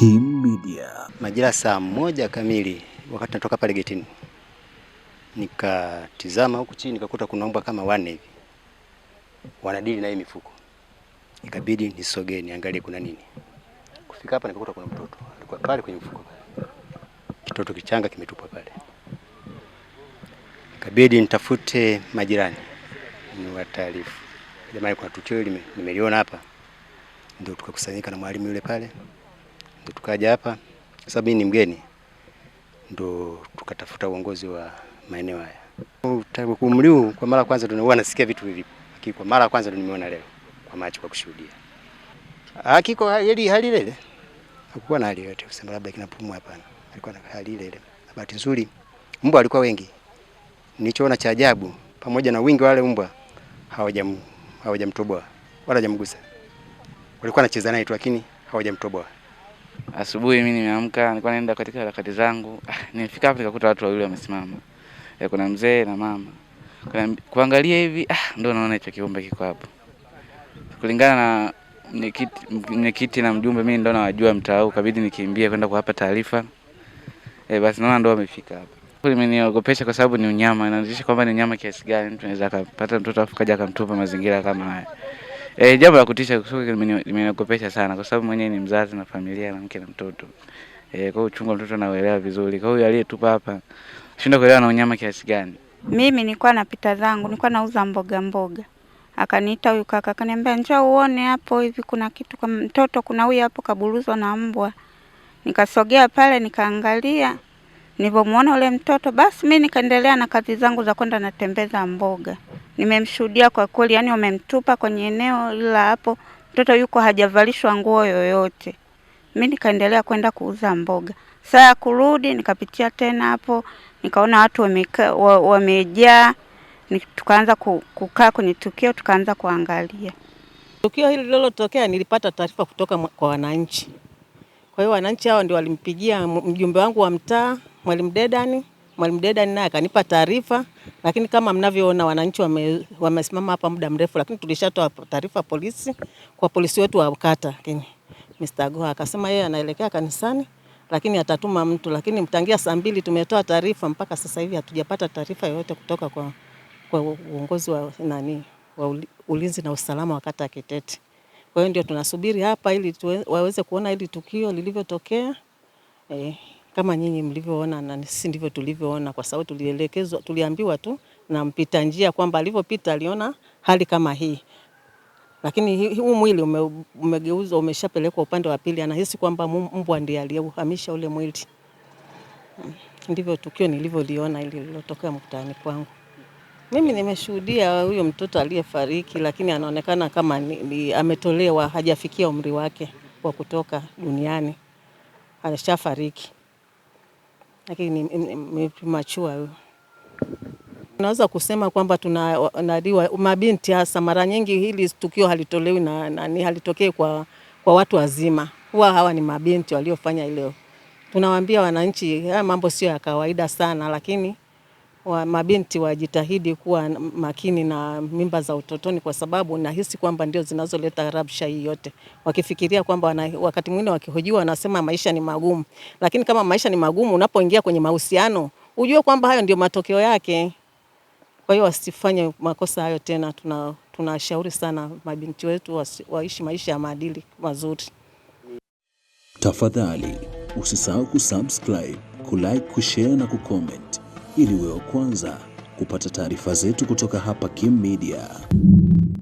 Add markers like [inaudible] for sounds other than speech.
Kim Media. Majira saa moja kamili wakati natoka pale getini, nikatizama huku chini nikakuta kuna mbwa kama wanne hivi wanadili na hii mifuko, ikabidi nisogee niangalie kuna nini. Kufika hapa nikakuta kuna mtoto alikuwa pale kwenye mfuko pale, kitoto kichanga kimetupwa pale. Ikabidi nitafute majirani ni niwataarifu, jamani, kuna tukio hili nimeliona hapa. Ndio tukakusanyika na mwalimu yule pale tukaja hapa sasa, mimi ni mgeni, ndo tukatafuta uongozi wa maeneo haya. Takwimu liu kwa mara kwanza tunaona nasikia vitu hivi, lakini kwa mara kwanza nimeona leo kwa macho, kwa kushuhudia. Ah, Hakika hali hali ile hakuwa na hali yote, kusema labda kinapumua, hapana, alikuwa na hali ile ile. Bahati nzuri mbwa alikuwa wengi, nilichoona cha ajabu, pamoja na wingi wale mbwa hawajam hawajamtoboa wala hajamgusa, walikuwa anacheza naye tu, lakini hawajamtoboa. Asubuhi mimi nimeamka, nilikuwa naenda katika harakati zangu. Ah, [laughs] nilifika hapo nikakuta watu wawili wamesimama, eh, kuna mzee na mama. Kuna kuangalia hivi, ah, ndio naona hicho kiumbe kiko hapo. Kulingana na mwenyekiti, na mjumbe, mimi ndio nawajua mtaa huu, kabidi nikimbie kwenda kuwapa taarifa. E, basi naona ndio wamefika hapa. Imeniogopesha kwa sababu ni unyama, inaonyesha kwamba ni unyama kiasi gani mtu anaweza akapata mtoto afu kaja akamtupa mazingira kama haya. E, jambo la kutisha limeniogopesha sana kwa sababu mwenyewe ni mzazi na familia na mke na mtoto. E, kwa uchungu mtoto nauelewa vizuri. Kwa hiyo aliyetupa hapa shinda kuelewa na unyama kiasi gani. Mimi nilikuwa napita zangu, nilikuwa nauza mboga mboga. Akaniita huyu kaka akaniambia, njoo uone hapo hivi kuna kitu kwa mtoto, kuna huyu hapo kaburuzwa na mbwa. Nikasogea pale nikaangalia Nilipomwona ule mtoto basi mi nikaendelea na kazi zangu za kwenda natembeza mboga. Nimemshuhudia kwa kweli, yani wamemtupa kwenye eneo ila hapo mtoto yuko hajavalishwa nguo yoyote. Mi nikaendelea kwenda kuuza mboga. Saa ya kurudi nikapitia tena hapo, nikaona watu wamejaa tukaanza kukaa kwenye tukio, tukaanza kuangalia tukio hili lilotokea. Nilipata taarifa kutoka kwa wananchi, kwa hiyo wananchi hao ndio walimpigia mjumbe wangu wa mtaa Mwalimu dedani Mwalimu Dedan naye akanipa taarifa, lakini kama mnavyoona wananchi wamesimama wame hapa muda mrefu, lakini tulishatoa taarifa polisi, kwa polisi wetu wa kata, lakini Mr. Goha akasema yeye anaelekea kanisani lakini atatuma mtu, lakini mtangia saa mbili tumetoa taarifa, mpaka sasa hivi hatujapata taarifa yoyote kutoka kwa, kwa uongozi wa nani wa ulinzi na usalama wa kata ya Kitete. Kwa hiyo ndio tunasubiri hapa ili tuwe, waweze kuona hili tukio lilivyotokea eh kama nyinyi mlivyoona na sisi ndivyo tulivyoona, kwa sababu tulielekezwa, tuliambiwa tu na mpita njia kwamba alivyopita aliona hali kama hii, lakini huu mwili ume, umegeuzwa umeshapelekwa upande wa pili, anahisi kwamba mbwa ndiye aliyeuhamisha ule mwili. Mm, ndivyo tukio nilivyoliona ili lilotokea mkutani kwangu. Mimi nimeshuhudia huyo mtoto aliyefariki, lakini anaonekana kama ni, ni, ametolewa, hajafikia umri wake wa kutoka duniani, alishafariki lakini ni machua huyo. Naweza kusema kwamba tunanadiwa mabinti hasa, mara nyingi hili tukio halitolewi na, na, ni halitokei kwa, kwa watu wazima, huwa hawa ni mabinti waliofanya ileo. Tunawaambia wananchi haya mambo sio ya kawaida sana, lakini wa mabinti wajitahidi kuwa makini na mimba za utotoni, kwa sababu nahisi kwamba ndio zinazoleta rabsha hii yote, wakifikiria kwamba wakati mwingine wakihojiwa wanasema maisha ni magumu, lakini kama maisha ni magumu, unapoingia kwenye mahusiano ujue kwamba hayo ndio matokeo yake. Kwa hiyo wasifanye makosa hayo tena. Tunashauri tuna sana mabinti wetu waishi maisha ya maadili mazuri. Tafadhali usisahau kusubscribe, kulike, kushare na kucomment ili uwe wa kwanza kupata taarifa zetu kutoka hapa Kim Media.